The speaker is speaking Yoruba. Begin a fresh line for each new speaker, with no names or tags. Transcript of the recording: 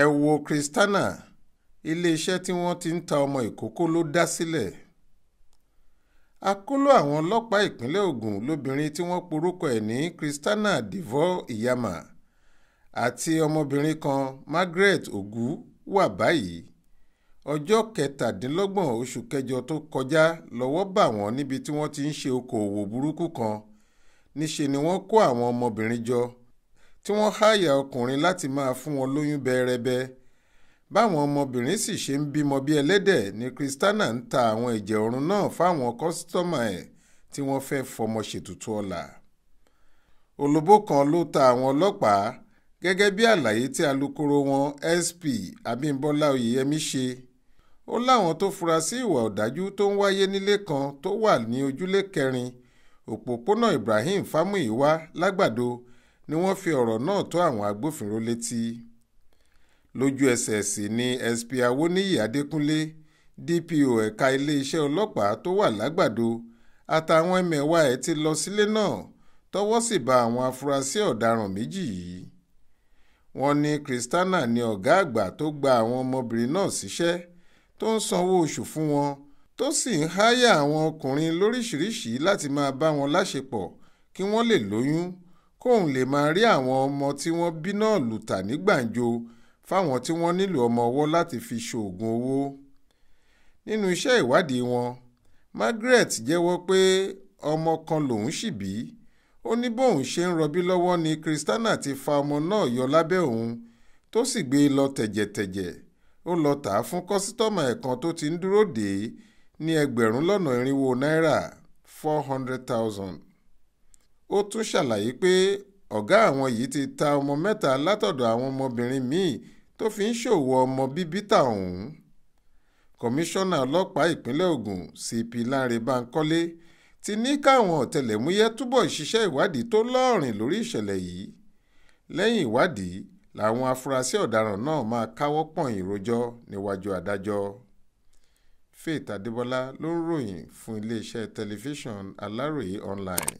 ẹ wo christiana iléeṣẹ́ tí wọ́n ti ń ta ọmọ ìkókó ló dá sílẹ̀ akóló àwọn ọlọ́pàá ìpínlẹ̀ Ògùn lóbìnrin tí wọ́n porúkọ ẹ̀ ní christiana devoe iyama àti ọmọbìnrin kan margaret ogu wà báyìí ọjọ́ kẹtàdínlọ́gbọ̀n oṣù kẹjọ tó kọjá lọ́wọ́ bà wọ́n níbi tí wọ́n ti ń ṣe okòòwò burúkú kan níṣe ni wọ́n kó àwọn ọmọbìnrin jọ tí wọ́n háyà ọkùnrin láti máa fún wọn lóyún bẹ́ẹ̀rẹ́bẹ́ báwọn ọmọbìnrin sì ṣe ń bímọ bí ẹlẹ́dẹ̀ ni Christiana ń ta àwọn ẹ̀jẹ̀ ọ̀run náà fáwọn kọ́sítọ́mà ẹ̀ tí wọ́n fẹ́ fọmọ ṣètùtù ọ̀la olóbó kan ló ta àwọn ọlọ́pàá gẹ́gẹ́ bí àlàyé tí alukoro wọn SP Abímbọ́lá Oyèyẹmí ṣe ó láwọn tó fura sí ìwà ọ̀dájú tó ń wáyé nílé kan tó wà ní ojúlé kẹrin òpópónà Ibrahim Fámúyíwá lágbàdo ni wọ́n fi ọ̀rọ̀ náà tó àwọn agbófinró létí lójú ẹsẹ̀ sí ni sp awoniyi adékúnlé dpo ẹ̀ka iléeṣẹ́ ọlọ́pàá tó wà lágbàdo àtàwọn ẹmẹ̀wà ẹ̀ ti lọ sílé náà tọwọ́ sì bá àwọn afurasí ọ̀daràn méjì yìí wọ́n ní kristiana ni ọ̀gá àgbà tó gba àwọn ọmọbìnrin náà síṣẹ́ tó ń sanwó oṣù fún wọn tó sì ń háyà àwọn ọkùnrin lóríṣìíríṣìí láti máa bá wọn láṣepọ̀ kí wọ́n lè lóyún kóun lè máa rí àwọn ọmọ tí wọ́n bí náà lù tà ní gbàǹjo fáwọn tí wọ́n nílò ọmọ ọwọ́ láti fi ṣoògùn owó nínú iṣẹ́ ìwádìí wọn Margaret jẹ́wọ́ pé ọmọ kan lòun sì bí ó ní bóun ṣe ń rọbí lọ́wọ́ ni Christiana ti fa ọmọ náà yọ lábẹ́ òun tó sì gbé e lọ tẹ̀jẹ̀tẹ̀jẹ̀ ó lọ tà á fún kọ́sítọ́mà ẹ̀ kan tó ti ń dúró dè é ní ẹgbẹ̀rún lọ́nà irinwó náírà four hundred thousand ó tún ṣàlàyé pé ọ̀gá àwọn yìí ti ta ọmọ mẹ́ta látọ̀dọ̀ àwọn ọmọbìnrin míì tó fi ń ṣòwò ọmọ bíbí ta ọ̀hún kọmíṣánná ọlọ́pàá ìpínlẹ̀ Ògùn CP Lánre Bankole ti ní káwọn ọ̀tẹlẹ̀múyẹ́ túbọ̀ ṣiṣẹ́ ìwádìí tó lọ́ọ̀rìn lórí ìṣẹ̀lẹ̀ yìí lẹ́yìn ìwádìí làwọn afurasí ọ̀daràn náà máa káwọ́ pọ̀nyìn rojọ́ níwájú adájọ́ Faith Adébọlá ló ń ròyìn fún iléeṣẹ́ tẹlifíṣàn Aláròyé online.